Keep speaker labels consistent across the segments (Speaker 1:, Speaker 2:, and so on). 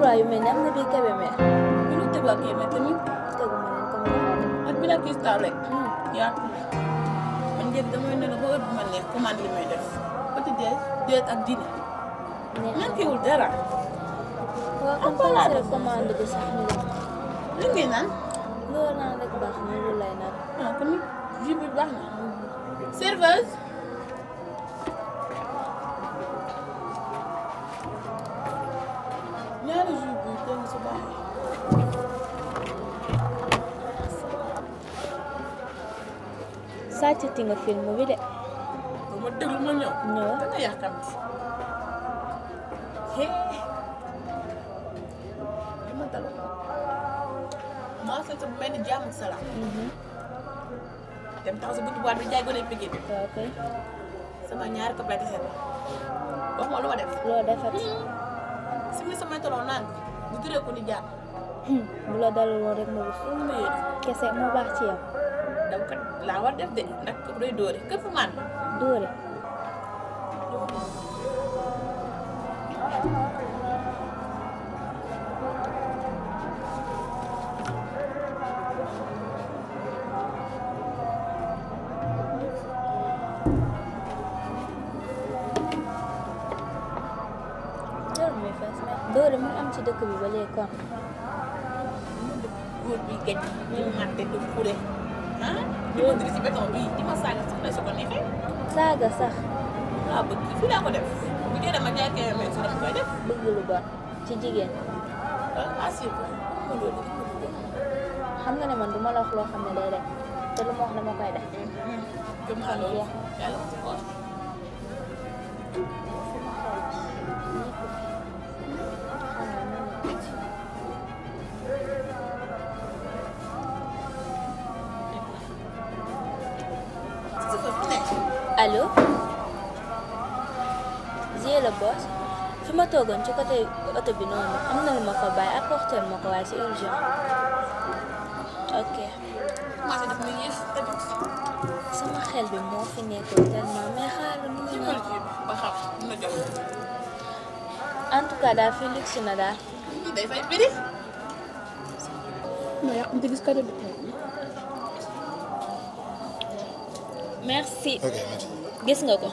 Speaker 1: trois yu mel ne am na bii Kébémer. bi ñu tegu ak Kébémer tamit.
Speaker 2: tegu ma leen comme ni ak bi la cristal rek. Hmm. yaa man njëkk damay ne la ba heure bu ma neex commande li may def.
Speaker 3: côté déet déet ak dîner. manquéwul dara.
Speaker 1: am fa laa def commande bi sax
Speaker 3: ñu def. li ngay naan.
Speaker 1: loolu naan rek baax na loolu lay naan.
Speaker 3: ah tamit jus bi baax na. serveuse.
Speaker 1: fàtte nga film bi de.
Speaker 4: ma déglu ma ñëw. ñëw
Speaker 3: da nga yàkkamti. li ma dal maa seetlu mu mel ni jàmm ak salaam. Mhm. dem taxaw si buntu boîte bi jaay gone piqué bi. waaw kay. sama ñaari ko bàyyi xel wax ma lu ma def. loo defat. Hmm. si mi samay toloo naan bu turee ko ni jaar.
Speaker 1: Hmm. bu la dalaloon rek ma gis. kese mu baax ci yow.
Speaker 3: donc laa war def de nag. luy dóore këpp man
Speaker 1: mu am ci dëkk bi ba léegi kon
Speaker 5: góor bi gën ñu ngàtte du kure ah ñoo diri ci béton bi di ma saaga soxna su ko neexee.
Speaker 1: saaga sax. waaw bëgg fii laa ko def bu dee dama jaakee amee su dama koy def. bëgg lu baax ci jigéen. ah nga ne man du ma la wax loo xam te lu ma wax dama koy def. gëm naa loolu yàlla su ma toogoon ci côté oto bi noonu am na lu ma fa bàyyi apporté ma ko waaye c'est urgent ok. sama xel bi moo fi nekkoon tellement mais xaaral mu
Speaker 3: ngi
Speaker 1: en tout cas daal fii luxe na daal. merci. gis nga ko.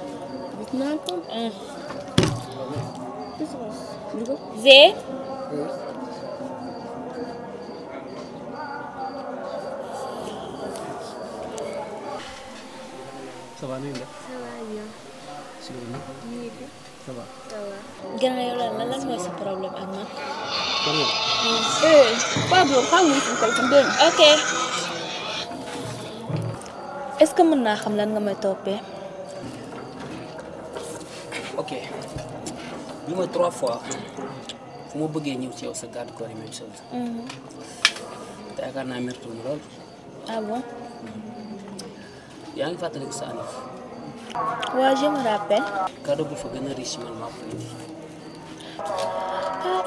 Speaker 1: V. ça va nuyu la.
Speaker 2: ça va bien. si loolu.
Speaker 6: nuyu la. ça va. ça
Speaker 1: va. gannaaw yow lan lan mooy sa problème ak man. problème. eh Pablo xamuñu si kay dégg nga. ok. est-ce que mën naa xam lan nga may toppee.
Speaker 2: ñu ma trois fois fu ma bëggee ñëw ci yow sa garde corps yi même chose. Mhm. te yaakaar naa mertu mu lool. ah bon. yaa ngi fàttaliku sa anif.
Speaker 1: waaw je me rappelle. cadeau bu fa ko indi. Ah,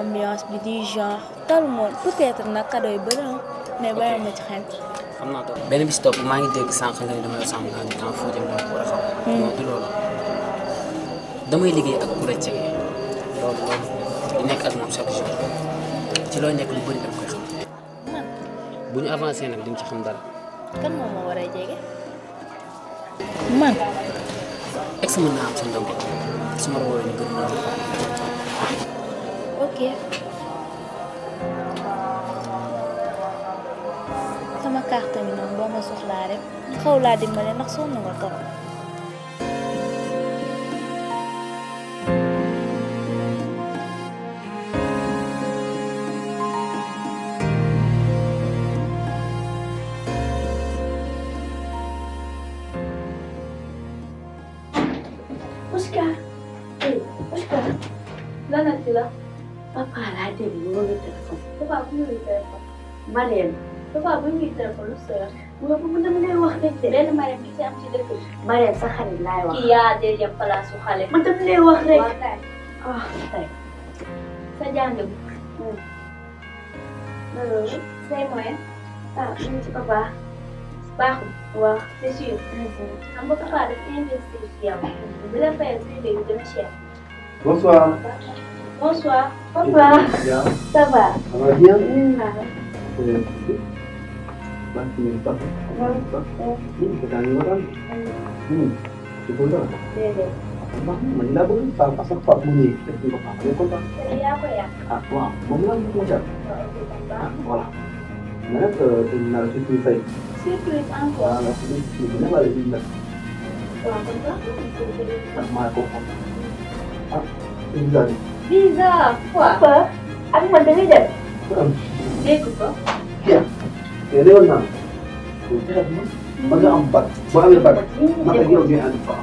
Speaker 1: ambiance bi du genre tal moon peut-être nag cadeau yi bëri na mais bàyyi ma ci xel.
Speaker 2: topp maa ngi dégg sànq nga ne dama temps foo jëm dama hmm. loolu. damay liggéey ak ku la jege nekk ak moom chaque jour ci loo nekk lu bëri dama koy xam. man bu ñu avancé nag di nga ci xam dara.
Speaker 1: kan moom moo war a jege.
Speaker 2: man. ex mën naa am sa ndaw su ma woowee ñu gën a
Speaker 6: ok.
Speaker 1: sama carte mi noonu boo ma soxlaa rek xaw laa dimbale ndax sonn nga trop. Marème papa bu ñuy téléphone lu sër. waaw bu mu dem eh? ah, lay wax rek de. benn Marème ki ci am ci dëkk bi. Marème sa xarit laay wax. kii yaa deuxième place su xale. man tam lay wax rek waaw kay. waaw sa jàng bi. alors say moyen. ah ñu ci papa. baaxul. waaw c'est sûr. xam nga papa dafa investir ci yow. bu la fayal privé bi dana cher.
Speaker 7: bonsoir. bonsoir. papa. ça va. ça va bien. Hmm, Sebulan.
Speaker 6: Iya.
Speaker 4: Abang mana pun tak pasal kuat bunyi. Tapi bapak ada kau tak? Iya apa ya? Ah, wah, mau bilang tu macam. Ah, wala. Mana ke tinggal situ saya?
Speaker 1: Secret angkut. Ah, nasi
Speaker 4: ni sebenarnya balik tinggal. Tak mahu kau. Ah, tinggal.
Speaker 1: Visa. Apa? Aku mandang ni dah. dégg ko.
Speaker 4: jeex te réewal naa ko jeex ma nga am bàq boo amee bàq man ak yow ñooy ànd fa.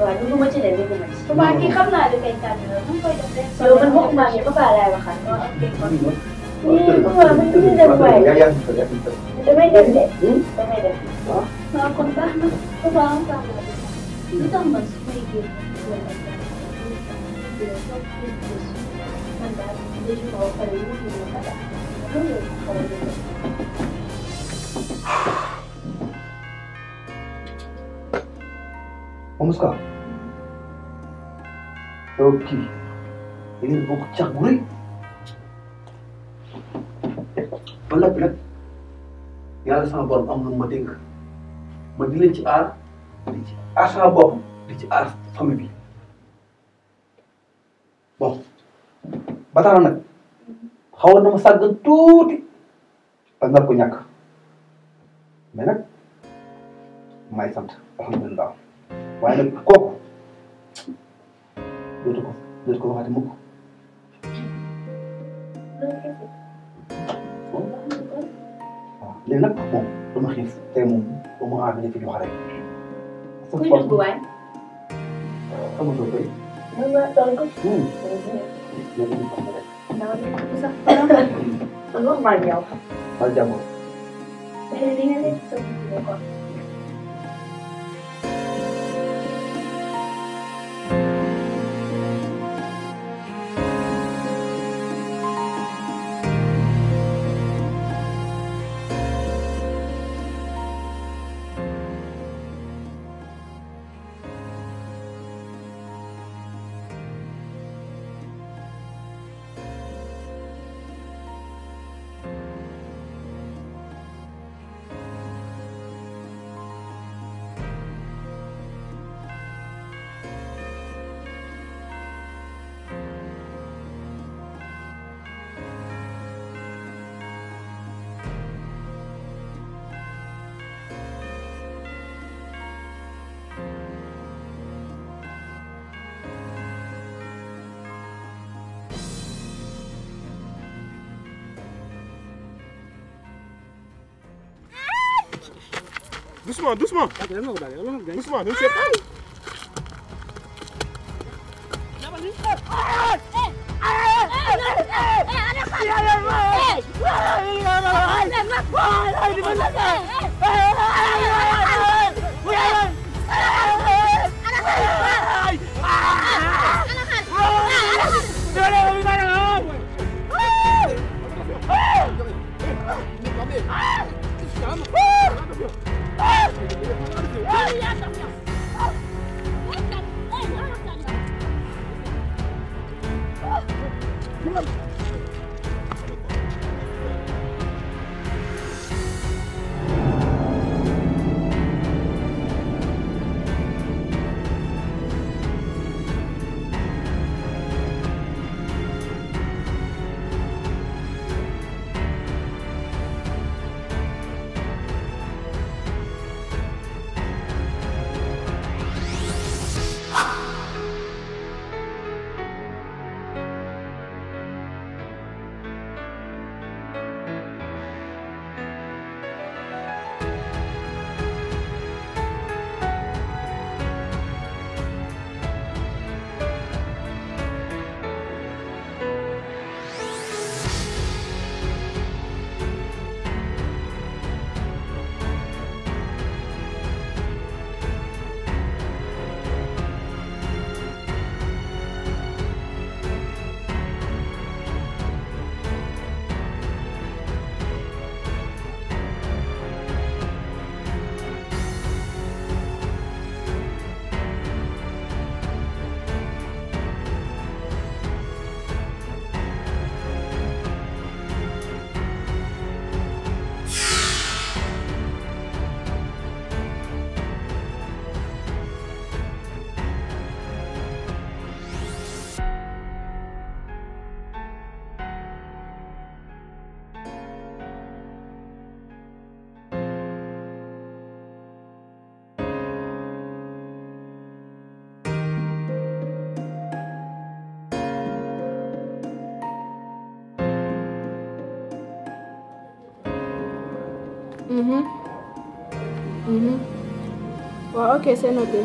Speaker 1: waaw dugguma ci de dugguma ci. waaw kii xam naa li koy tànn lool nu mu koy def rek. yow man waxuma ak yow ba pare laay waxaat. waaw waaw man li ñu def waaye.
Speaker 7: damay def de. Hmm? damay def waaw.
Speaker 6: waaw kon baax na. waaw baax na. lu tax man su may génn.
Speaker 1: man daal dëgg fa ba pare yëngu-yëngu
Speaker 4: Omuska. Yow kii da ngeen bokk cax gu rëy ba noppi nag yàlla am na ma ma di leen ci aar di ci aar sama bopp di ci aar famille xawoon na mu sàgg tuuti ba nar ko ñàkk mais nag may sant alhamdulilah waaye nag kooku dootu ko dootu ko waxati mukk waaw léegi nag moom dama xiif tey moom ba mu aar fi jox rek. kuy dugg waay. xam nga soo
Speaker 7: koy.
Speaker 2: Normal miał.
Speaker 4: Ale ja mówię.
Speaker 7: doucement doucement. Ah, doucement ne sais
Speaker 6: pas. Hey, ah,
Speaker 3: mhm mhm waaw ok c'est noté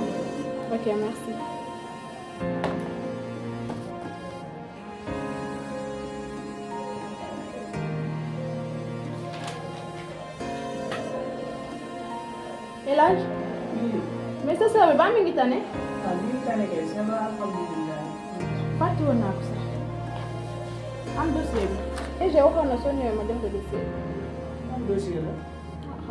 Speaker 3: ok merci. El Hadj. mais sa sœur bi ba mi ngi tane.
Speaker 1: waaw mi ngi tane kay ça va alhamdulilah.
Speaker 3: fàtte woon naa ko sax am dossier bi. et j'ai waxoon na soo ñëwee ma def ko dossier bi. am dossier la.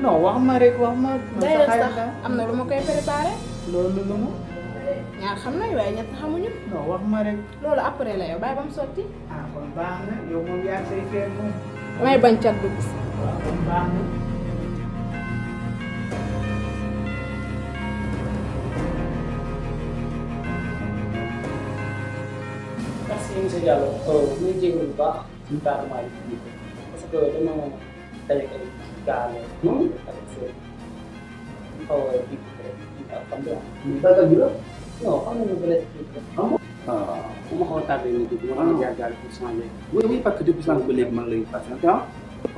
Speaker 3: non wax ma
Speaker 5: rek wax ma. dayoo sax
Speaker 3: am na lu ma koy préparé. loolu lu ma. ñaar xam nañ waaye ñett xamuñu. non wax ma rek. loolu après la yow bàyyi sotti. ah kon baax na yow moom yaa moom. damay bañ cat
Speaker 2: euh, que การ dulu kalau
Speaker 4: kita kita ambil kita juga no kan yang boleh kita ambil ah kuma xaw ma xam parce que depuis sànq ba léegi man lay patienté ah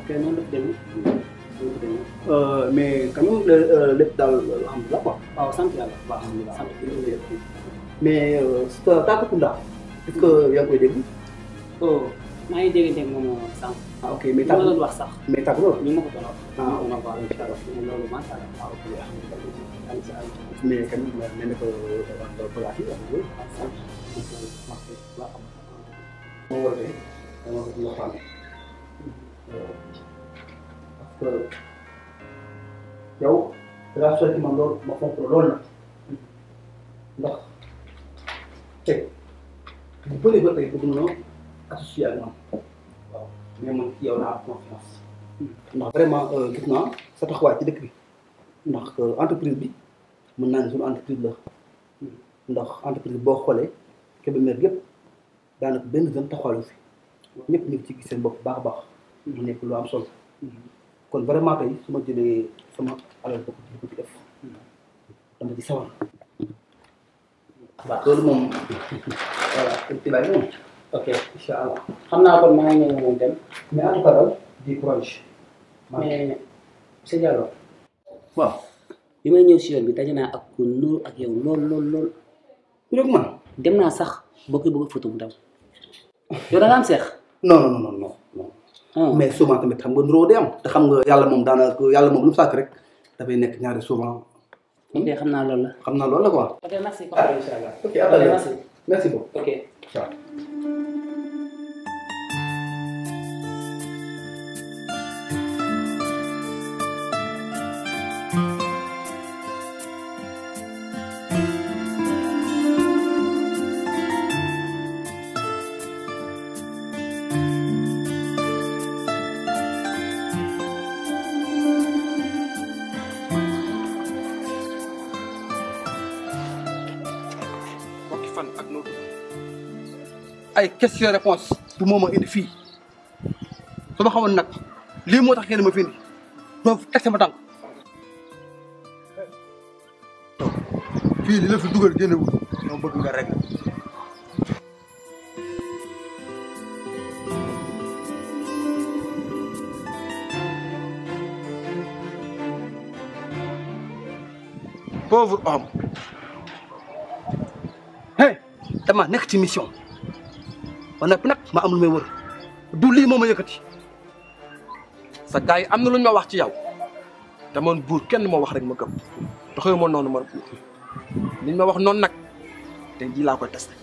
Speaker 4: ok noonu la demee noonu la demee mais quand même lépp daal
Speaker 2: alhamdulilah quoi waaw sant yàlla waaw alhamdulilah sant
Speaker 4: mais Takku Kunda est-ce que yaa ngi koy dégg
Speaker 2: maa ngi déggante ak moom sànq. ah ok mais tàggu doon wax sax. mais tàggu loolu ñu ma ko doon wax. ah on va incha allah loolu macha allah. ah ok
Speaker 4: alhamdulilah. mais quand même nee na ko balaa kii wax dëgg. moo war a dee dama ko waxtaan. parce que yow dangaa sori ci man lool ma fonk lool na ndax tey bu bëree ba tey bëgg na associé ak man. mais man yow laa am vraiment euh, gis naa sa taxawaay ci dëkk bi ndax euh, entreprise bi mën naa ne suñu entreprise la ndax entreprise boo xoolee Kébémer yëpp daanaka benn zone taxawaayu si ñëpp ñu ngi ci gis seen bopp baax baax. mu nekk lu am solo. kon vraiment tey su ma jëlee sama alal bopp di ko ci def dama ci sawar. moom
Speaker 2: voilà ci bàyyi moom. ok incha allah xam naa kon maa ngi ñëw moom dem mais en tout cas daal di proche. maa ngi mais monsieur Diallo. waaw. bi may ñëw si yoon bi daje naa ak ku nuur ak yow lool lool lool. loolu man dem naa sax
Speaker 4: boo koy bëgg a photo bu ndaw. yow da nga am seex. non non non non non. Ah. mais souvent tamit xam nga nuroo day am. te xam nga yàlla moom daanaka yàlla moom lu mu sàkk rek dafay nekk ñaari souvent. ok xam naa loolu la. xam naa loolu la quoi.
Speaker 2: ok merci. Ah, ok merci.
Speaker 4: Merci beaucoup. Ok. Ciao. ay question réponse du moom a indi fii su ma xamoon nag lii moo tax ngeen ma fi indi doo teg sama tànk fii li la fi dugal génnewu dama bëgg nga rek pauvre homme hey dama nekk ci mission ba noppi nag ma am lu me wër du lii moo ma yëkkati sa gars yi am na luñ ma wax ci yow te man buur kenn moo wax rek ma gëm doxewu ma noonu man buur li ma wax noonu nag te ji laa koy testé.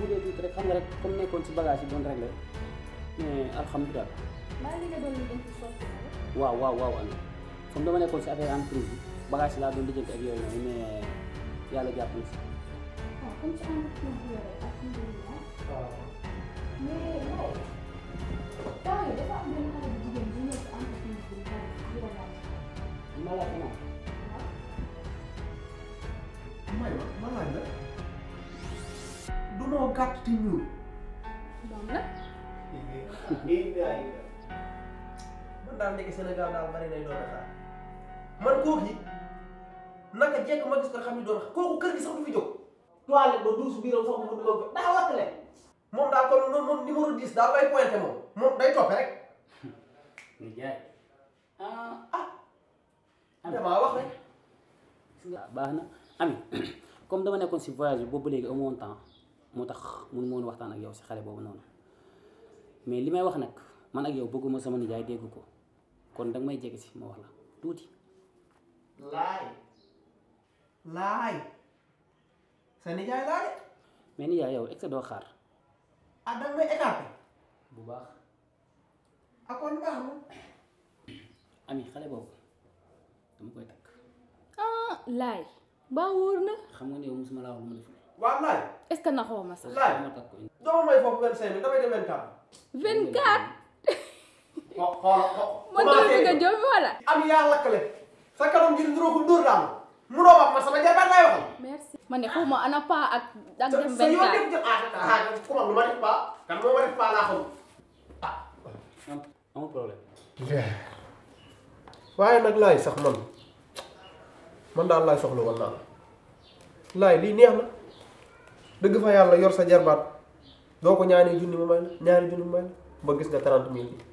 Speaker 2: bu dee tuuti rek xam nga rek comme nekkoon si bagage yi doon réglé mais alhamdulilah. maa ngi doon lijjanti soppi. waaw waaw waaw Ami comme dama nekkoon si affaire entreprise bi bagage yi laa doon lijjanti ak yooyu noonu mais yàlla jàpp na si.
Speaker 6: waaw ah, comme si entreprise bi
Speaker 3: yore ak waaw mais yow temps yii dafa am benn xale bu jigéen bu ñëw si entreprise bi di la laaj.
Speaker 4: ma laaj ma. Maywa ma laaj la. munoo gàtt te ñuul. moom la. man daal nekk Sénégal daal bari nay doon xaar man kooku naka jekk ma gis ko xam ne doon xaar kooku kër gi sax du fi jóg. toilette ba douze biiram sax mu dugal ko daa wattale. moom daal kon moom moom numéro 10 daal lay pointé moom moom day toppe rek.
Speaker 2: nga jaay ah. ah. damaa wax rek. baax na Ami comme dama nekkoon si voyage bi boobu léegi amoon temps. moo tax mun moon waxtaan ak yow si xale boobu noonu mais li may wax nag man ak yow bëgguma sama nijaay dégg ko kon danga may jege si ma wax la tuuti
Speaker 4: laay laay sa nijaay laay
Speaker 2: mais nijaay yow est-ce que doo xaar
Speaker 4: ah danga may écarté
Speaker 2: bu baax
Speaker 3: ah kon baax na
Speaker 2: ami xale boobu dama koy takk
Speaker 3: ah,
Speaker 4: ma waaw laay.
Speaker 3: est ce que naxoo ma sax. laay
Speaker 4: dama may foofu vingt cinq mille damay dem
Speaker 3: vingt quatre.
Speaker 4: vingt
Speaker 3: quatre. ana pa ak. ak dem vingt quatre
Speaker 4: ah ah, ah, ah. man man daal laay soxla woon naa neex na. dëgg fa yàlla yor sa jarbaat doo ko ñaani junni mu may la ñaari junni mu may la ba gis nga trente mille bi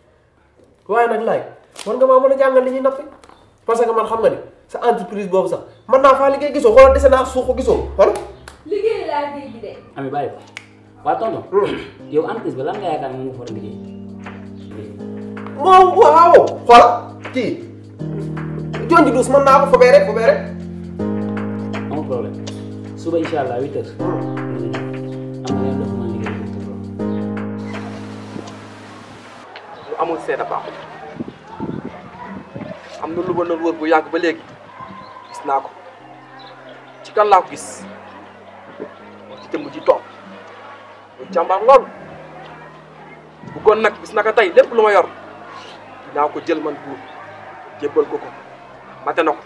Speaker 4: waaye nag laaj war nga maa mën a jàngal li ñuy nappi parce que man xam nga ni sa entreprise boobu sax mën naa faa liggéey gisoo xoolal dese naa suuxu gisoo wala.
Speaker 6: liggéey laa dégg de.
Speaker 4: ami
Speaker 2: bàyyi ko waa tonton. Hmm. yow entreprise ba lan nga yaakaar ne moom nga fa liggéey.
Speaker 4: moom waaw xoolal kii jonj duus mën naa ko fobee rek fobee rek. suba incha allah huit heures. Hmm. am na yeneen doxuma liggéey lu amul seet a baaxul am na lu ma doon wër bu yàgg ba léegi gis naa ko ci kan laa ko gis wax ci jëmm ji toog mu jàmbaar lool bu kon nag bis naka tey lépp lu ma yor dinaa ko jël man buur jébbal ko ko mate na ko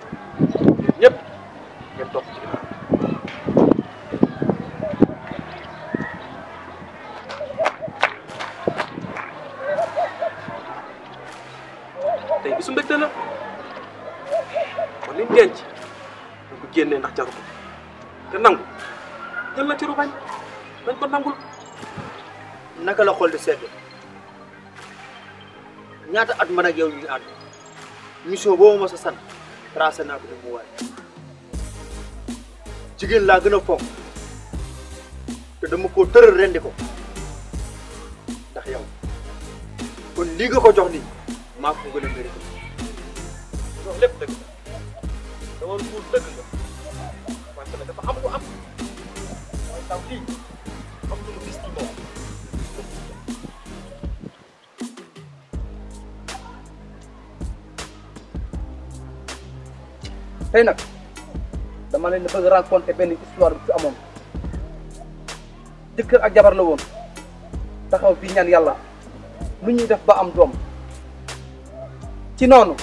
Speaker 4: ñëpp ngeen topp ci denc dañ ko génnee ndax jaru ko te naka la xool di sedd ñaata at man ak yow ñu ànd mission boobu ma sa san tracé naa ko di jigéen laa gën a fonk te dama koo tëral rendi ko ndax yow kon lii ko jox nii maa ko gën a mérité dafa am lu tey nag dama leen bëgg raconter benn histoire bu fi amoon jëkkër ak jabar woon taxaw fii ñaan yàlla lu ñuy def ba am doom ci noonu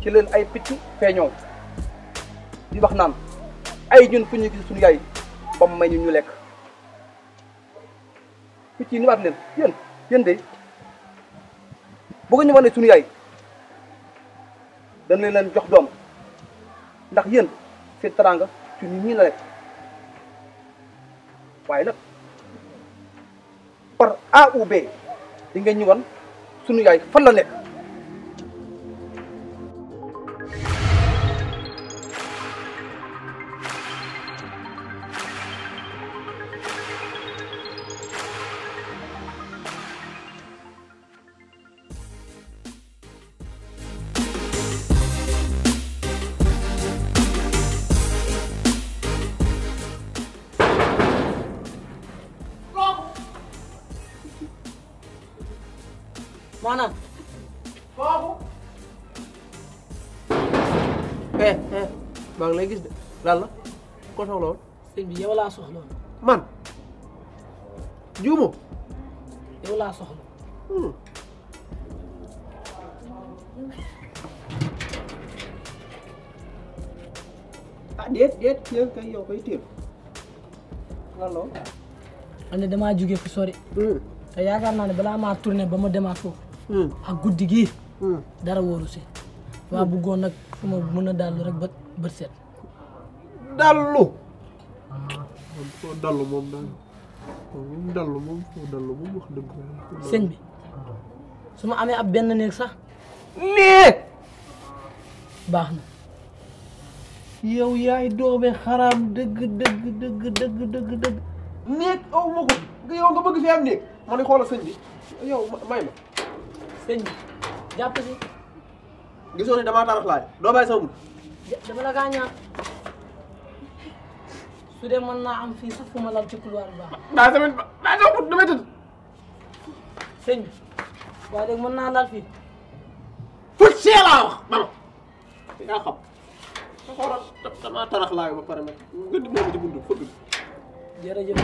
Speaker 4: ci leen ay picc feeñoo di wax naan ay ñun fu ñuy gis suñu yaay ba may ñu ñu lekk picc yi niwaat leen yéen yéen de bëgg ñu wane suñu yaay dañ leen leen jox doom ndax yéen seen teraanga ci ñun ñii la nekk waaye nag par A ou B di ngeen ñu wan suñu yaay fan la nekk. laa soxla man juumo.
Speaker 5: yow laa soxla. Hmm.
Speaker 4: ah déet déet yow kay yow kay téel lan la.
Speaker 5: man damaa jugee fu sori. Hmm. te yaakaar naa ne balaa maa tourné ba ma demaat foofu. Hmm. ak guddi gii. dara wóoru si. waa bëggoon nag fu ma mën a dallu rek bët bët
Speaker 8: foo dallu moom daal
Speaker 4: moom dallu moom foo dallu moom
Speaker 5: su ma amee ab benn néeg sax néeg baax na. yow yaay doome xaraam dëgg dëgg dëgg dëgg dëgg dëgg. néeg
Speaker 4: aw ma ko yow nga am néeg ma ne xoolal sëñ may ma. sëñ bi jàpp si. gisoo ne damaa doo bàyyi sa mën.
Speaker 5: dama la gaañaa. su dee mën naa am fii sax fu ma lal ci baax. daa tamit daa tamit damay tëdd. sëñ bi waaye léegi mën naa lal fii.
Speaker 7: pour see laa wax yaa xam. nga
Speaker 4: xoolal damaa tarax laay ba pare nag nga dimbali ci buntu fëgg bi. jërëjëf.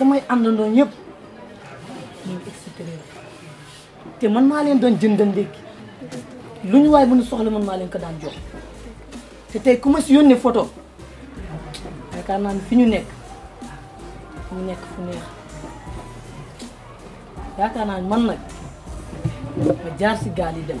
Speaker 5: samay àndandoo yëpp ñu ngi extérieur te man maa leen doon jëndal ndékki lu ñu waay mën soxla man maa leen ko daan jox te tey ku si yónnee photo yaakaar naa ni fi ñu nekk ñu nekk fu neex yaakaar naa man nag ma jaar si gaal yi dem.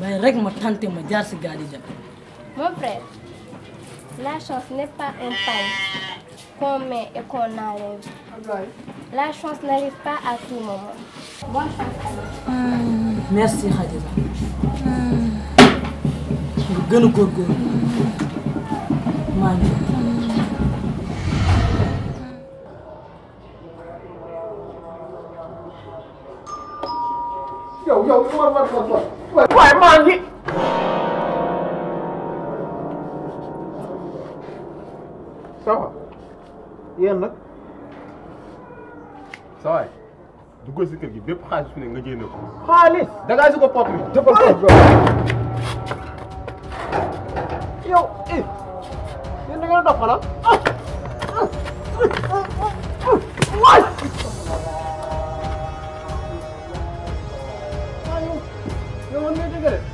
Speaker 5: bàyyi rek ma tante ma jaar si gaal
Speaker 1: la chance n'est pas un paille qu'on met et La chance n'arrive pas
Speaker 6: à tout moment. Bonne chance.
Speaker 5: Mmh. merci Khadija. lu hmm. gën a góorgóorlu. maa ngi. Hmm.
Speaker 7: yow yow waaye maa ngi. ça va yéen nag.
Speaker 8: ça va duggal si kër gi bépp xaalis ne nga génne ko.
Speaker 4: xaalis da ko pot bi. jëfal ko yow eh yéen da
Speaker 7: woon ngay dëgg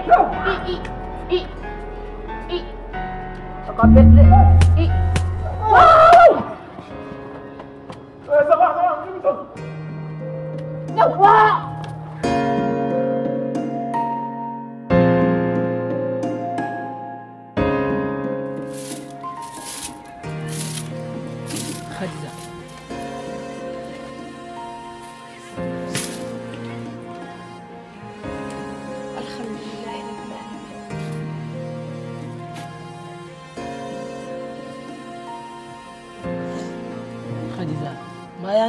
Speaker 3: i i i i kon benn i
Speaker 7: waaw.
Speaker 8: ça va ça va.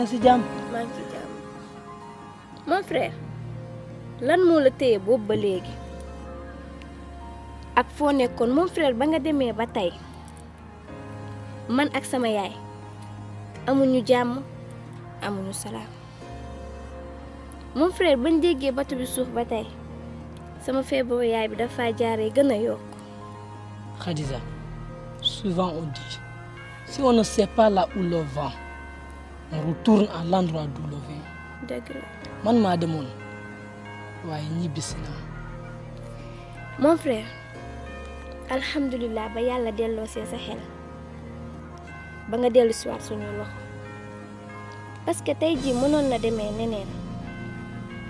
Speaker 5: ngi si jàmm.
Speaker 1: maa ngi mon frère lan moo la téye boobu ba léegi ak foo nekkoon mon frère ba nga demee ba tey man ak sama yaay amuñu jàmm amuñu salaam mon frère bañ déggee batu bi suuf ba tey sama feebaru yaay bi dafa jaaree
Speaker 5: gën a yokk. Khadija souvent on si on ne sait pas là on retourne à l'endroit d'où l'on vient. dëgg man maa demoon waaye ñibbisi naa. mon frère
Speaker 1: alhamdulilah ba yàlla delloosee sa xel ba nga dellu si waat suñuy loxo parce que tey jii mënoon na demee neneen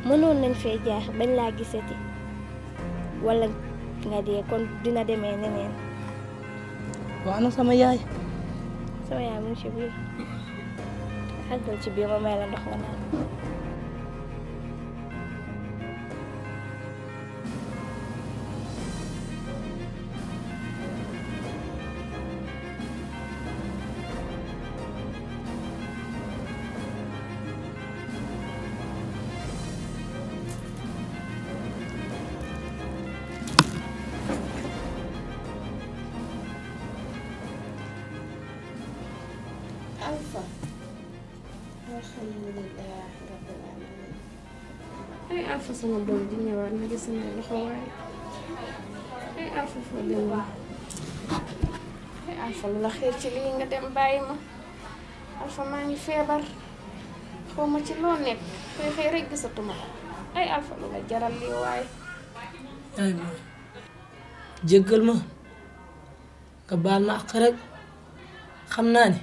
Speaker 1: mënoon nañ fee jaax bañ laa gisati walla nga dee kon dina demee neneen.
Speaker 5: waaw ana sama yaay.
Speaker 1: sama yaay mu ngi ci xajal ci biir ma may la ndox nga naan.
Speaker 3: alfa sama doom di la xeer ci lii nga dem bàyyi ma alfa maa ngi feebar xaw ma ci loo nekk xëy xëy rek gisatuma ay alfa lu la jaral lii waaye ay
Speaker 5: ma nga baal ma ak rek xam naa ni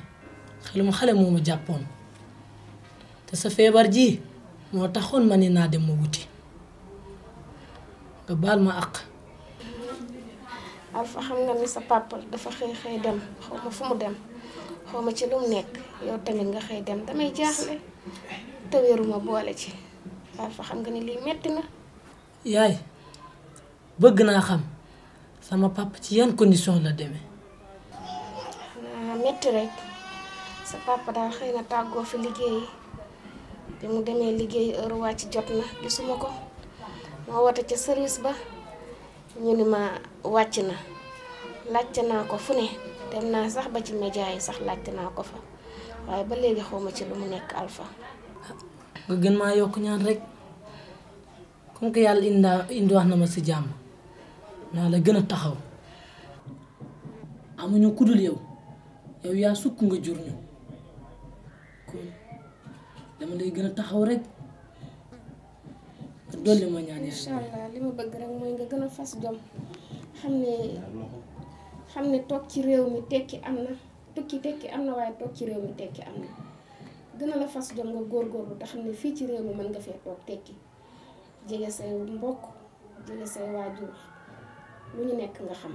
Speaker 5: xelum xale moo ma jàppoon te sa feebar ji moo taxoon ma ne naa dem ma wuti nga baal ma àq.
Speaker 3: Alpha xam nga ni sa papa dafa xëy xëy dem xaw ma fu mu dem xaw ma ci lu mu nekk yow tamit nga xëy dem damay jaaxle te wéruma boole ci Alpha xam nga ni lii metti na.
Speaker 5: yaay bëgg naa xam sama papa ci yan condition la demee.
Speaker 3: metti rek sa papa daal xëy na tàggoo fi liggéeyi. te mu demee liggéey heure wàcc jot na gisuma ko ma woote ca service ba ñu ni ma wàcc na laajte naa ko fu ne dem naa sax ba ci média yi sax laajte naa ko fa waaye ba léegi xawma ci lu mu nekk Alpha
Speaker 5: nga gën maa yokk ñaan rek comme que yàlla indaa indi wax na ma si jàmm naa la gën a taxaw amuñu kudul yow yow yaa sukk nga jur ñu dama lay gën a taxaw rek dolli ma
Speaker 3: ñaan yàlla. li ma bëgg rek mooy nga gën a fas jom xam ne xam ne toog ci réew mi tekki am na tukki tekki am na waaye toog ci réew mi tekki am na gën a la fas jom nga góorgóorlu te xam ne fii ci réew mi mën nga fee toog tekki jege say mbokk jege say waajur lu ñu nekk nga xam.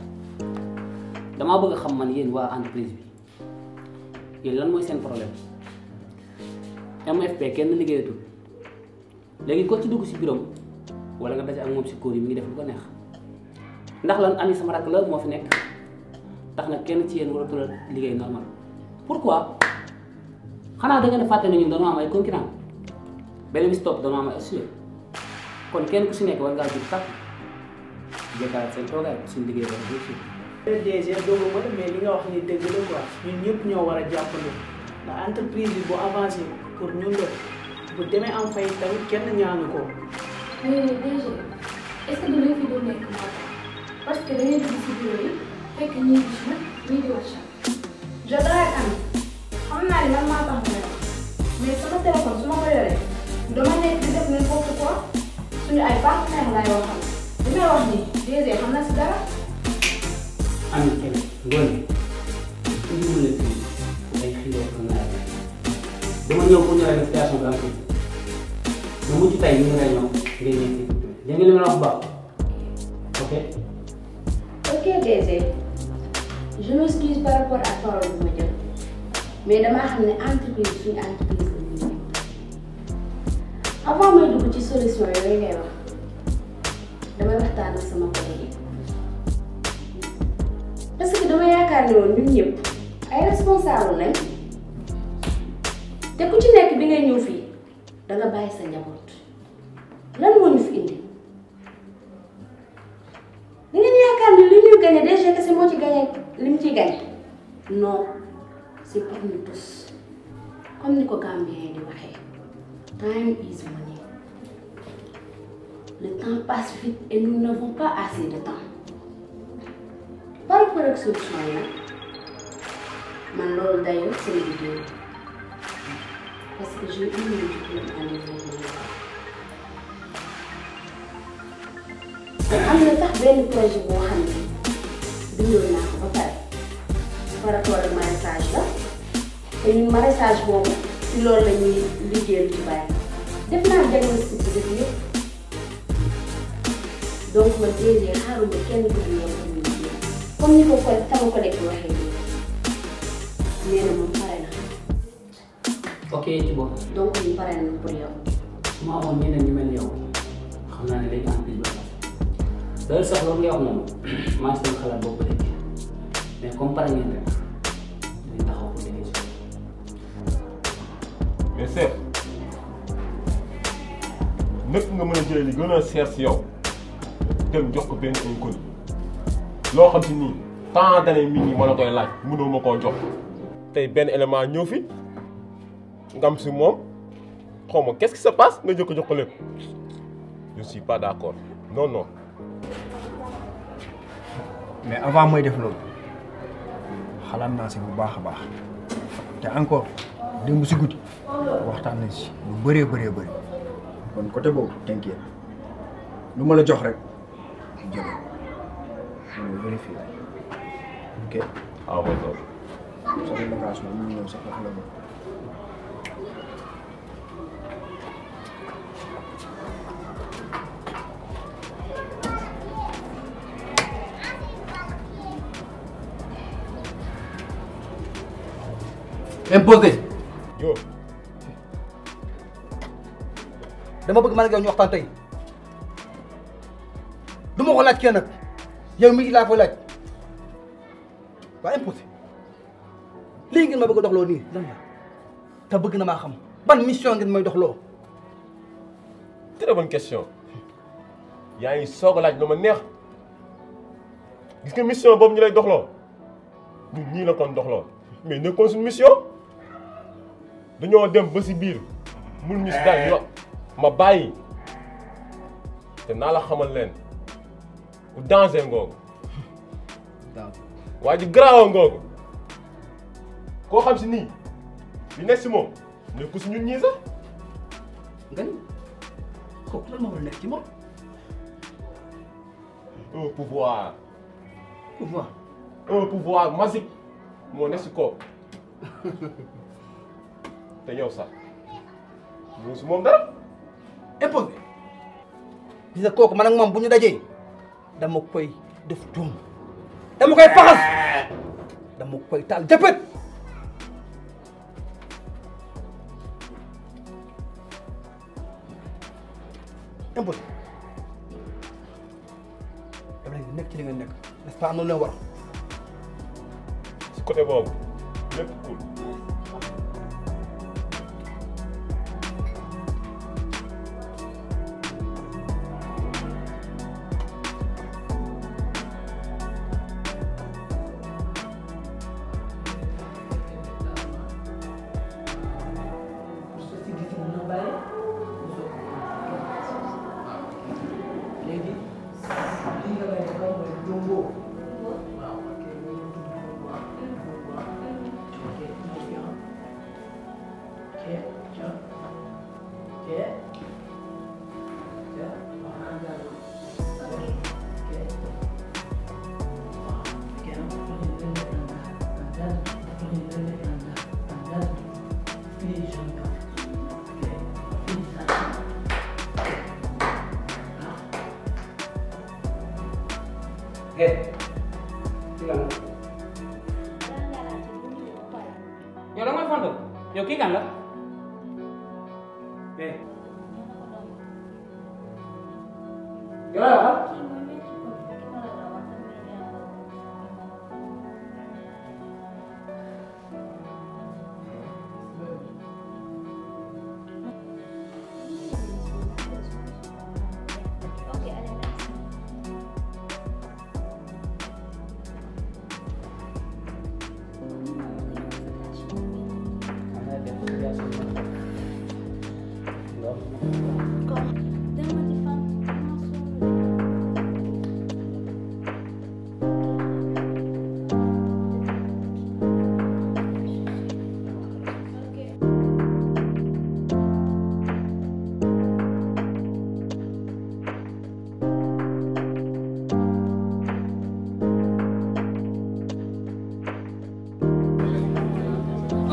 Speaker 2: damaa bëgg a xam man yéen waa entreprise bi yéen lan mooy seen problème MFP kenn liggéeyatul léegi ko ci dugg si bureau wala nga daje ak moom si kóor yi mi ngi def lu ko neex ndax lan ami sama rakk la moo fi nekk tax na kenn ci yéen waratul liggéey normal pourquoi xanaa da ngeen fàtte ne ñun dañoo am ay concurrent beneen bi si topp dañoo kon kenn ku si nekk war ngaa jur tàkk jékkaat seen toogaay suñu liggéey ba
Speaker 5: DG doguma la mais nga wax ni dëgg la quoi ñun ñëpp ñoo war a jàppale ndax entreprise bu avancé pour ñun la bu demee am fay tamit kenn ñaanu ko.
Speaker 3: mais DG est ce que fi doon nekk parce que da ngeen di gis bureau yi fekk ñii di chute ñii di wàcc. je dois am xam naa ne lan maa tax ne mais sama téléphone su ma ko di def n'importe quoi suñu ay partenaires laay waxal li may wax nii DG xam
Speaker 1: na si
Speaker 2: am kenn ngoone ku ñu mën a tudd ay xibaar ko naa dama ñëw pour ñu rek situation bi am ko ba mujj tey ñu ngi lay ñëw ngay ñëw ci dégg nga li ma la wax baax
Speaker 6: ok.
Speaker 3: ok DG
Speaker 1: je m'excuse par rapport ak parole bi ma jël mais damaa xam ne entreprise suñu entreprise la ñu
Speaker 3: avant may dugg ci solution yooyu ngay wax damay waxtaan ak sama collègue parce que dama yaakaar ne woon ñun ñëpp ay responsable
Speaker 1: lañ te ku ci nekk bi ngay ñëw fii da nga bàyyi sa njaboot lan moo ñu fi indi li ngeen yaakaar ne li ñuy gagné déjà kese moo ci gagné li mu ciy gagné
Speaker 3: non c'est pour comme ni ko Gambien di waxee time is
Speaker 5: money le temps passe vite et nous n'avons pas assez temps.
Speaker 3: par ak solution yi man loolu dayoo seen liggéey parce que j'ai eu e le diplôme en développement.
Speaker 1: am na sax benn projet boo xam ne bindoon naa ko ba pare par rapport ak maraîchage la te ñun maraîchage boobu ci loolu la ñuy liggéeyal ci bàyyi def naa diagnostic bi def yëpp donc comme ni ko ko sama collègue bi waxee nee
Speaker 2: na moom pare na. ok ci bopp. donc ñu pare nañu pour yow. su ma amoon ñeneen ñu mel ni yow xam naa ne day am lu nga wax noonu xalaat boobu léegi mais comme pare ngeen rek dinañ taxaw pour
Speaker 8: liggéey si. mais Seck nëkk nga mën a jëlee li gën a seer si yow dem jox ko benn inconnu. loo xam si nii tant d'années mi ngi ma la koy laaj mënoo ma koo jox tey benn élément ñëw fi nga am si moom xaw ma qu'est-ce qui se passe nga jëkk jox ko lépp je suis pas d'accord non non.
Speaker 4: mais avant mooy def loolu xalaat naa si bu baax a baax te encore démb si guddi waxtaan nañ si lu bëree bëree bëri kon côté boobu tënkee lu ma a jox rek loolu vérifié ok. waaw mooy loolu. sa démarcation bi ñu ñëw sax wax la ko. imposé. yow. dama bëgg man ak yow ñu waxtaan tey du ma ko laaj kenn nag. yow mii laa koy laaj waa imposé lii ngeen ma bëgg doxloo nii lan la te bëgg na maa xam ban mission ngeen may doxloo.
Speaker 8: très bonne question yaa ngi soog laaj lu ma neex gis mission boobu ñu lay doxloo ñun ñii la kon doxloo mais nekkoon suñu mission dañoo dem ba si biir mënuñu si daal ñu ma bàyyi te naa la xamal leen. bu dansé ngoogu waa ji garaawa ngoogu koo xam si nii li nekk si moom nekku si ñun ñii nga ni kooku lan moo nekk ci moom un pouvoir pouvoir un pouvoir magique moo nekk si kooku te yow sax moom dara
Speaker 4: imposé gis kooku man ak moom bu ñu dajee dama koy def tuum dama koy faxas dama koy taal jëppët impôt dama leen nekk ci li nekk n'est-ce pas am si côté boobu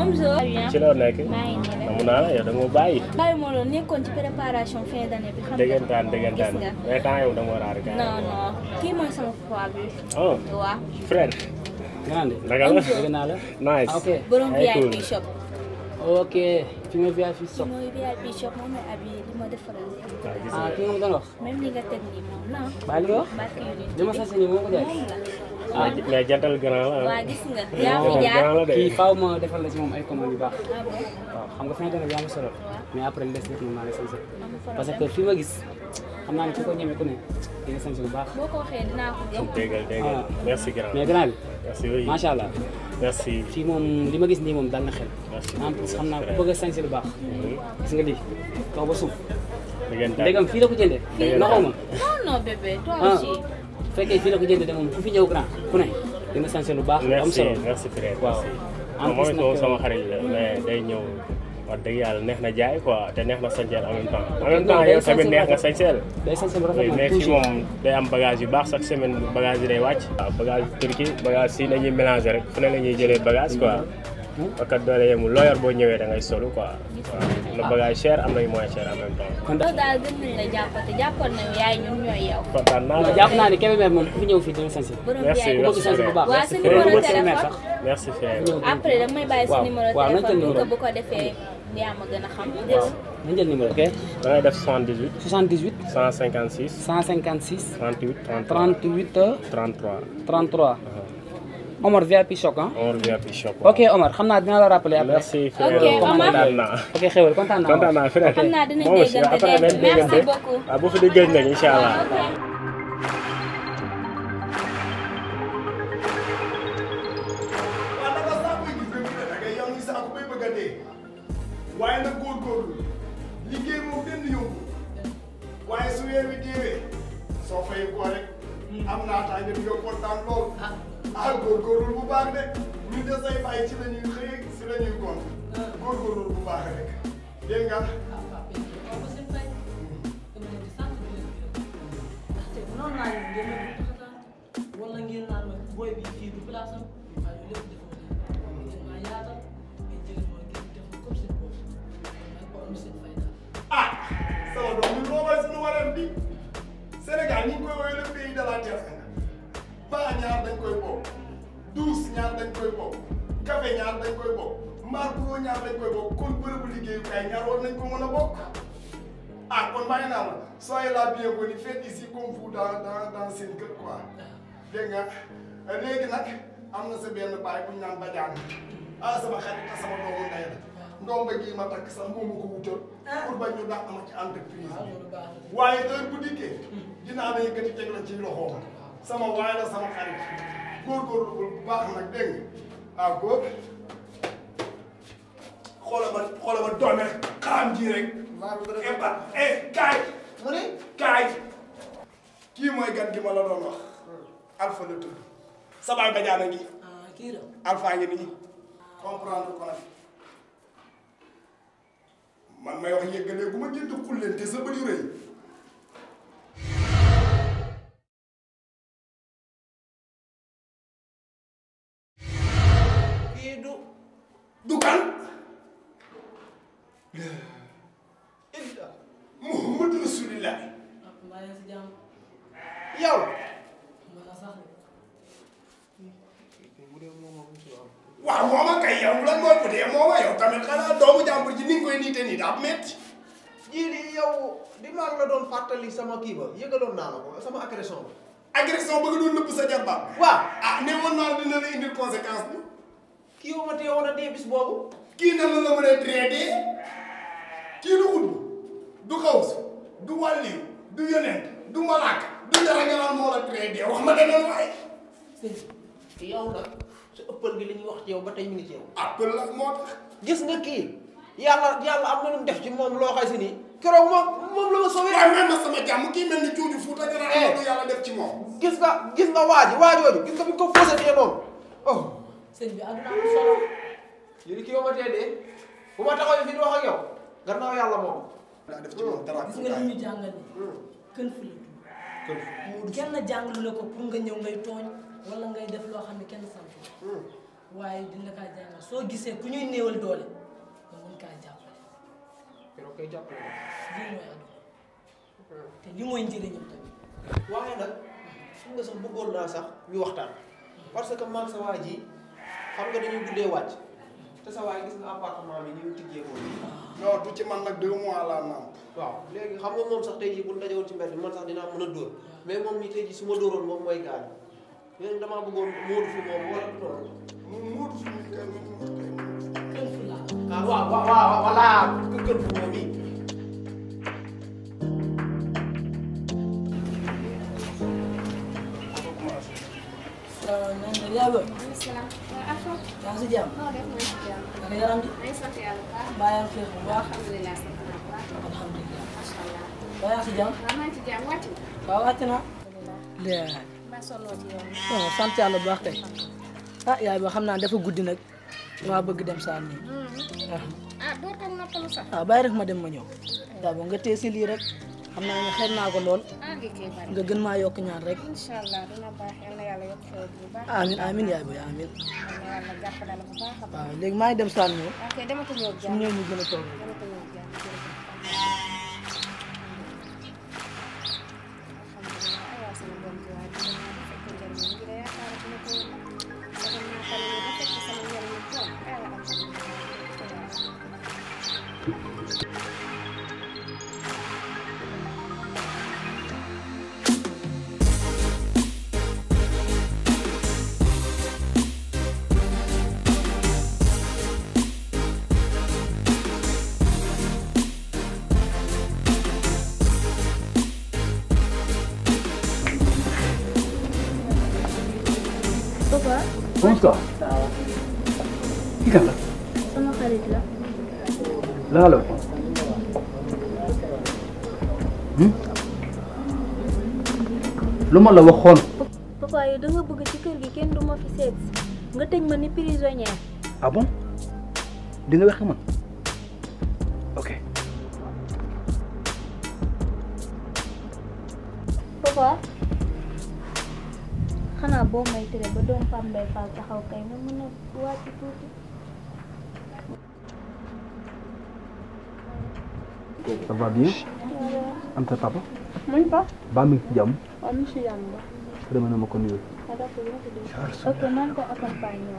Speaker 1: bonjour. ci loo nekk.
Speaker 7: namu naa la yow da nga ma bàyyi.
Speaker 1: bàyyi moo loolu nekkoon ci préparation fin d'année bi. xam nga dëggantaan dëggantaan mais
Speaker 2: temps yow da nga war a non
Speaker 1: non kii mooy sama papa bi. oh waaw.
Speaker 2: Fred. naan la nice. ok borom VIP shop. ok fi ma VIP shop. fi ma
Speaker 1: VIP shop moom la abi li ma defaral.
Speaker 2: ah kii moom ah, nga wax.
Speaker 1: même li nga teg nii moom la. bàyyi li nga wax. li ma sas nii moom ko
Speaker 2: jaay. mais jantal grand la. waaw gis nga yaa fi jaar ma defal la ci moom ay commandes yu baax. Ah xam nga fin de nag yaa ma solo parce que fi ma gis xam naa nga sañ bu baax.
Speaker 1: boo ko waxee dinaa ko jóg. déggal déggal allah.
Speaker 2: merci fii li ma gis nii moom dal na xel. en plus xam naa ku a sañ lu baax. gis nga lii kaw ba suuf. dégg nga la ko jëndee.
Speaker 1: dégg
Speaker 2: bu fekkee fii la ko jëndee moom ku fi ñëw grand ku dina sañse lu baax. am solo merci merci frère waaw en plus moom sama euh, xarit la day ñëw. wax dëgg yàlla neex na jaay waaw te neex na sañseel en même temps en même temps yow tamit neex nga sañseel mais fii moom day am bagage yu baax chaque semaine bagage yi day wàcc waaw bagage turki bagage si nañuy mélanger rek fu ne la ñuy jëlee bagage quoi mm-hmm. boo ñëwee da ngay solu quoi waaw na bagage merci merci waaw sa numéro téléphone. merci Féé. après
Speaker 1: damay bàyyi sa numéro téléphone pour que bu ko defee yaa ma gën a xam. waaw
Speaker 2: nañ jël numéro ok. da ngay def 78. 78. 156. 156. 38. 38 38. Omar VIP Choc ah. Omar VIP Choc ok Omar xam naa dina la rappeler après. merci frère kontaan naa. ok xewal kontaan naa kontaan naa frère. xam naa dinañ déggante de merci beaucoup. waaw ah,
Speaker 6: boo fa
Speaker 4: déggee nag incha
Speaker 6: allah.
Speaker 7: waaye nag góorgóorlu liggéey moom benn yóbbu waaye su weer wi deewee soo fay ko rek am naa taay dem yow kontaan lool. ah góorgóorlu bu baax rek ñu de say bàyyi ci la ñuy xëy si la ñuy gont góorgóorlu bu baax rek dégg
Speaker 5: nga. noonu laa leen gën a dugg wala ngeen naan ma booy bi fii du place am waaye loolu lépp def ko ngeen maa yaatal ngeen jëlee ma ngeen def ko comme seen bopp
Speaker 7: ak wàllu seen fay daal. ah sama doom ñu moo may suñu wareef bi Sénégal ñu ngi koy woowee le pays de la terre. baa ñaar dañ koy bokk douze ñaar dañ koy bokk café ñaar dañ koy bokk margo ñaar dañ koy bokk kon bërëbu liggéeyukaay ñaar war nañ ko mën a bokk ah kon bàyyi naa la soyez la bienvenue faites ici comme vous dans dans dans seen kër na dégg nga léegi nag am na sa benn baay bu ñu naan bajaan ah sama xarit sama doomu ndey la ndomba gii ma takk sax moomu ko wutal ah. pour bañ ñu dàq ma ci entreprise bi ah, waaye heure bu dikkee dinaa la yëkkati teg la ci sama waay la sama xarit góorgóorlu bu baax nag dégg nga ah, góor xoolal ma xoolal ma doome xaam ji rek. waaw eh, kaay. kaay. kii mooy gan gi ma la doon wax. alpha la tudd. sabaay bajaana ngi. ah kii la. alpha ngi nii. comprendre ko nag man may wax yëggalee bu ma jënd xulleen te sa bëri rëy. waaw mooma kay yow lan moo ko dee mooma yow tamit xanaa doomu jàmbur ji ni nga koy niite nii daa métti.
Speaker 4: jii di yow
Speaker 7: di maa la doon fàttali sama kii ba yëgaloon naa la ko sama agression ba. agression doon nëbb sa jarbaat. waaw ah ne woon naa la dina la indil conséquence bi. kii ma tee woon a dee bis boobu. kii nan la la mën a traité kii du xutbu du xawsu du wàlliw du yonent du malaaka du dara nga naan moo la traité wax ma dana waay. yow nag. su ëppal bi li ñuy wax ci yow ba tey ñu ngi ci yow.
Speaker 4: gis nga kii yàlla yàlla am na mu def ci moom loo xay si nii. keroog moom moom
Speaker 7: la ma soobee. waaye même na sama jàmm kii mel ni Cuuju eh.
Speaker 4: gis nga gis nga waa ji waajooju gis ko posé tee moom oh. bi àdduna am solo. yéen kii yow ma tee dee bu ma taxaw fi di wax ak yàlla moom. daa def ci moom gis nga
Speaker 5: li ñu jàngal nii. Hmm. kën fu la. kën fu kenn la ko pour nga ñëw ngay tooñ. wala ngay def loo xam ne kenn sant hmm. waaye dina kaa jàngal soo gisee ku ñuy néewal doole nga mën kaa jàppale. keroog koy jàppale lii mooy àdduna hmm. te lii mooy njëriñam tamit. waaye nag su nga sax bëggoon naa sax
Speaker 4: ñu waxtaan parce que man sa waa ji xam nga dañuy guddee wàcc te sa waay gis nga appartement bi ñu tijjee ko. Ah. non du ci man nag deux mois laa naan. waaw léegi xam nga moom sax tey jii bu ñu dajewoon ci mbedd man sax dinaa mën a dóor ah. mais moom mi tey jii su ma dóoroon moom mooy gaañ.
Speaker 7: léegi damaa bëggoon muudu fi boobu wala tool muudu fi kër fu la ah, waaw waaw waaw voilà kër fu boobu bi
Speaker 3: yaa ba. yaa ngi si jàmm. naka yaram ji. baa yaa ngi feex bu baax. alhamdulilah. baa yaa ngi si jàmm.
Speaker 5: waaw wàcc na. waaw sant yàlla bu baax kay ah yaay ba xam naa dafa guddi nag maa bëgg dem saa nii. waaw bàyyi rek ma dem ma ñëw. yaay ba nga téye si lii rek xam naa ne xeeb naa ko lool
Speaker 3: ah, nga gën maa yokk ñaan rek. amiin amiin yaay ba
Speaker 5: amiin. Ah, léegi maa ngi dem saa nii.
Speaker 3: su ñëw ñu gën a toog.
Speaker 4: ma la waxoon.
Speaker 1: papa yow da bëgg ci kër gi kenn du fi seet nga tëj ma ni prisonnière.
Speaker 4: ah bon di nga man ok.
Speaker 6: papa
Speaker 1: xanaa boo may tere ba doom Pape Mbaye Fall taxaw kay nga mën a wàcc tuuti.
Speaker 4: ça papa. baa mi jàmm. am si yàlla. est-ce que dama ne ma ko nuyoo.
Speaker 1: ok man ko accompagner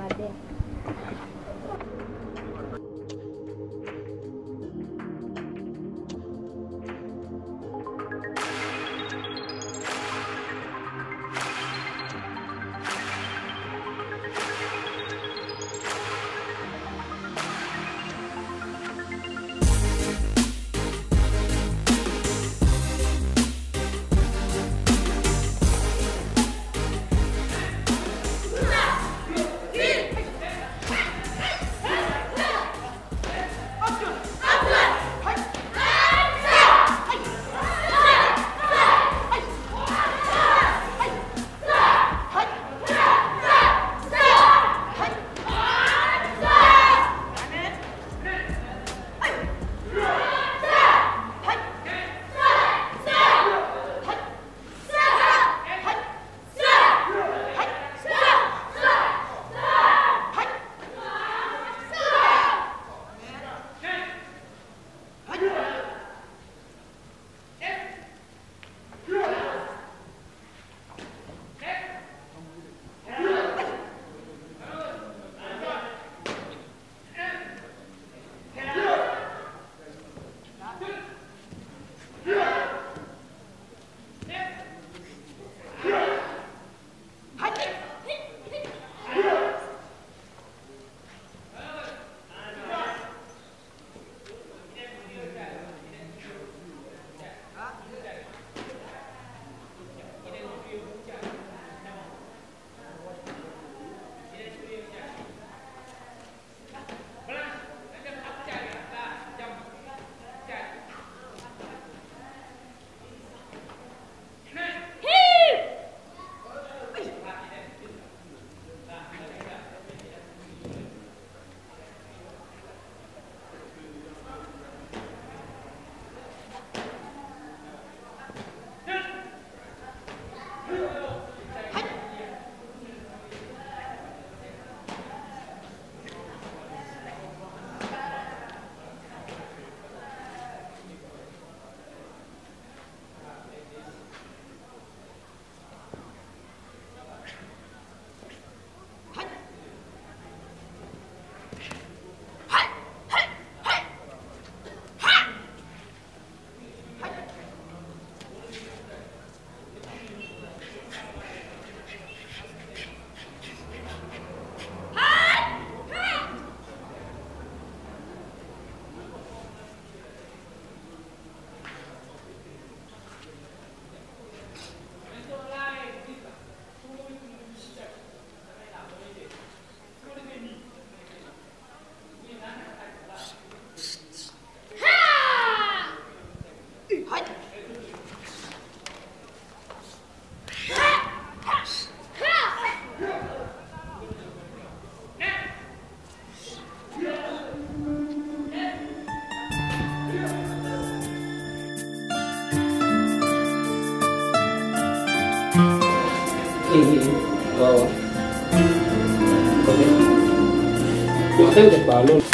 Speaker 2: seen teg quoi loolu.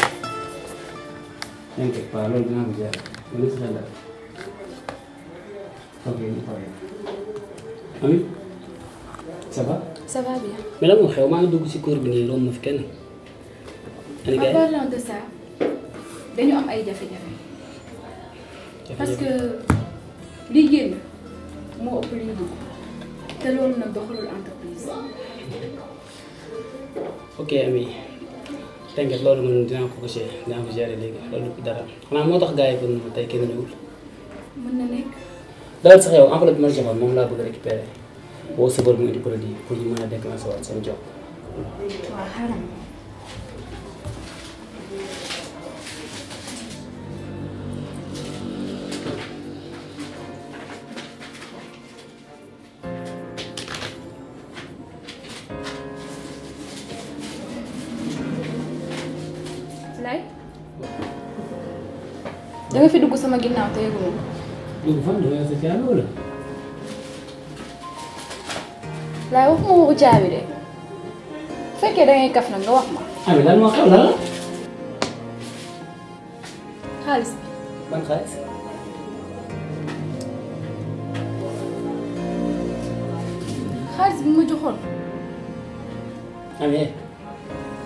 Speaker 2: seen teg quoi loolu dinaa ko gérer ma si xel daal ok ñu xoolal maa ngi dugg si kóor bi nii loolu ma fi kenn. en
Speaker 3: parlant de ça dañu am ay jafe-jafe. parce que li génn moo ëpp li dugg te loolu nag doxalul entreprise.
Speaker 2: ok Ami. tënket loolu man dinaa ko gis dinaa ko gérer léegi loolu dara xanaa moo tax gars yi ba mu tey kenn ñëwul. mën na nekk. sax yow enveloppe bi ma joxoon moom laa bëgg a récupérer woo sa bor mu indi produit pour ñu mën a déclencher waat seen jox.
Speaker 3: sama ginnaaw te yëguma ko.
Speaker 5: yëngu fan
Speaker 2: la yooyu sa caabi wala.
Speaker 3: laay waxuma waxu caabi de fekkee da ngay kaf nag nga wax ma.
Speaker 2: Ami lan moo xew lan la. xaalis ban xaalis.
Speaker 3: xaalis bi ma joxoon.
Speaker 2: Ami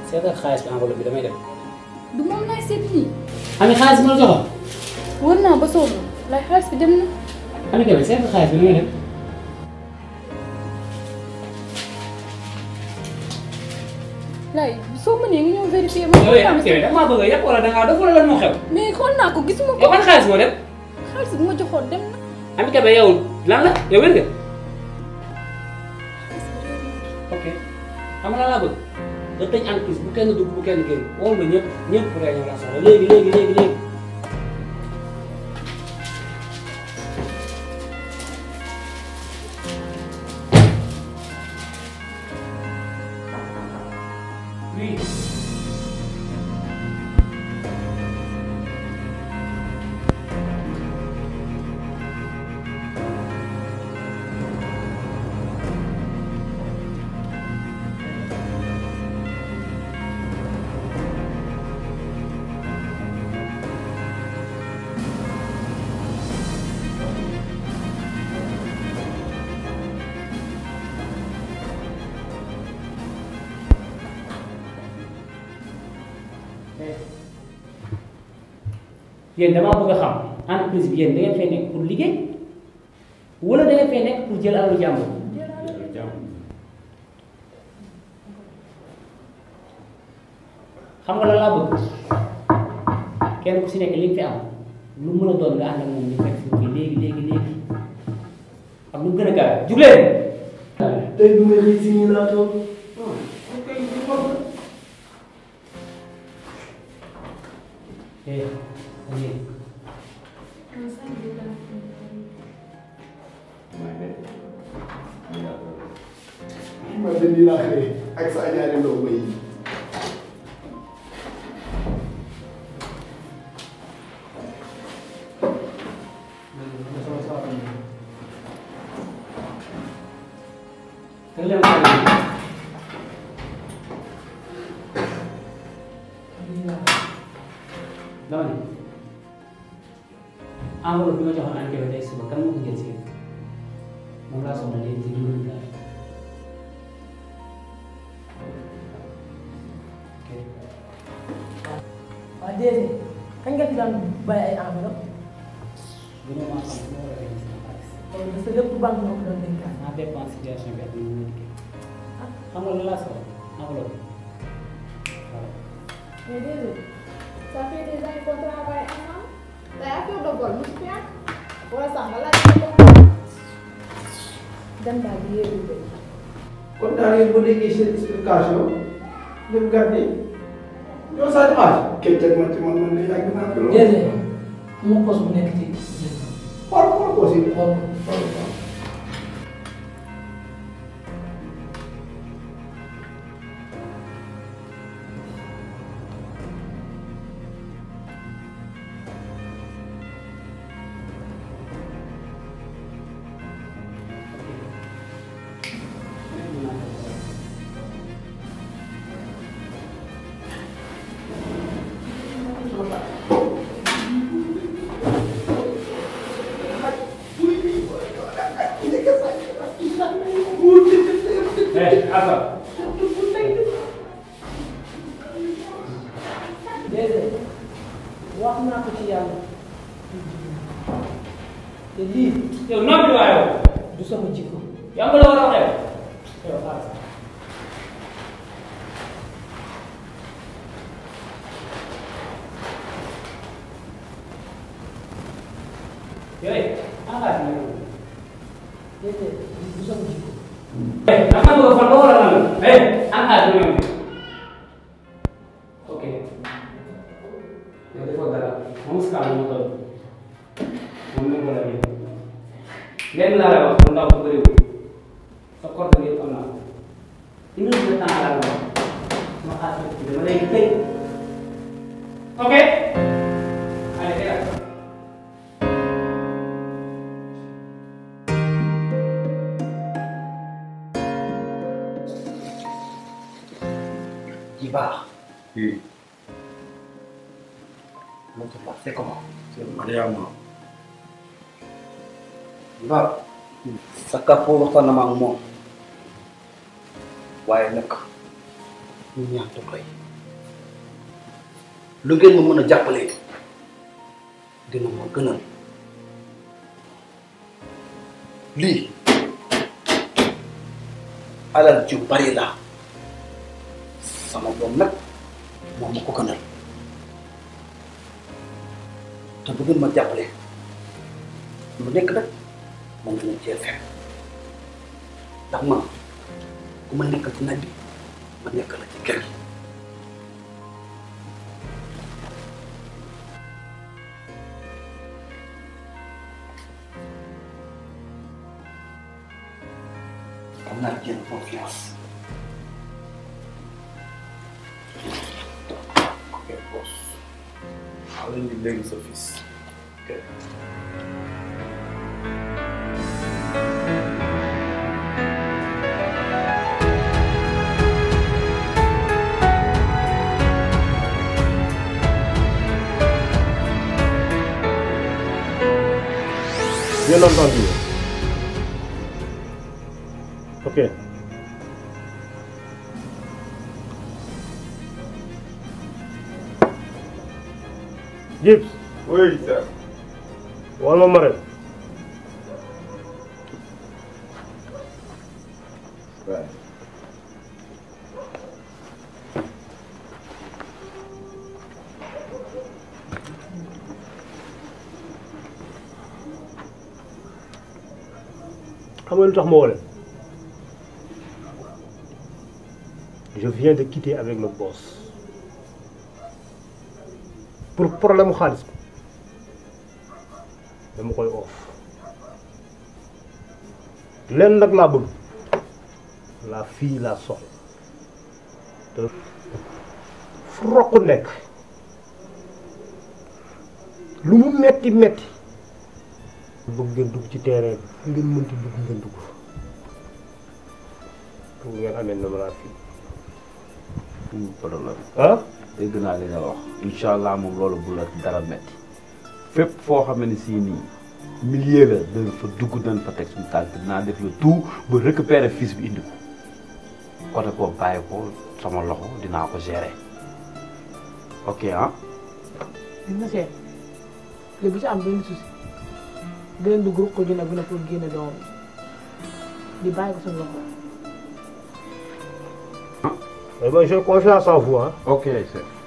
Speaker 2: seetal xaalis bi enveloppe bi damay dem. du moom xaalis bi ma joxoon.
Speaker 3: naa ba sonn lay xaalis bi dem na.
Speaker 2: ana kay seet xaalis bi lu muy def.
Speaker 3: lay soo mënee nga ñëw vérifier ma. yow yaa
Speaker 2: ngi maa bëgg a yàq wala dangaa dof wala lan moo xew.
Speaker 3: mais xool naa ko gisuma ko. yow ban xaalis moo dem. xaalis bi ma joxoon dem na.
Speaker 2: ami kay ba yow lan la yow wér nga. ok xam nga laa bëgg nga tëj entreprise bu kenn dugg bu kenn génn woo nga ñëpp ñëpp réunion la soxla léegi léegi léegi léegi. yéen damaa bëgg a xam entreprise bi yéen da nekk pour liggéey wala da ngeen nekk pour jël alalu jàmbur. xam nga lan laa bëgg kenn ku si nekk li nga fi am lu mën a doon nga ànd ak moom ñu fekk léegi léegi léegi ak lu gën a gaaw jug leen. Amin.
Speaker 7: waaye nag. xam nga dañuy naan xëy ak sa
Speaker 4: état bi yéegu ko. kon daal yéen boo déggee seen explication dem gàddi yow Sadio Ba. kii teg ma ci man man de yàgg naa ko. déedéet mu pos bu nekk ci. xool xool ko si xool xool. sa kàppu waxtaan na ma moom waaye nag ñu ñaan du doy lu ngeen ma mën a jàppalee dina ma gënal alal ju bari la sama doom nag moom ma ko gënal te bu ngeen nekk moom na cee fekk ku ma nekkal ci naaj bi ma nekkal la ci kër gi. am naa jël confiance.
Speaker 8: ok boss. xaaral ñu léegi sa fils. bien entendu.
Speaker 7: tax ma woo leen
Speaker 4: je viens de quitter avec le boss pour problème mu xaalis dama koy oof
Speaker 7: leen nag laa bëgg la fille la soxla te fu roq nekk lu mu metti metti
Speaker 4: bëgg ngeen dugg ci terrain bi fu ngeen mënti dugg ngeen dugg fu ngeen amee numéro fii. dégg naa li nga wax. incha allah
Speaker 7: moom loolu bu la dara metti fépp foo xam ne sii millier la dañ fa dugg dañ fa teg suñu tànk dinaa def le ba récupérer fils bi indi ko
Speaker 4: côté ko bàyyi ko sama loxo dinaa ko gérer ok ah.
Speaker 5: léegi bu am benn souci. gën dugg ruq ju ne bu ne pour génne doom di bàyyi ko suñu loxo.
Speaker 8: Ah. Eh bien, j'ai confiance en vous. Hein? Ok, c'est.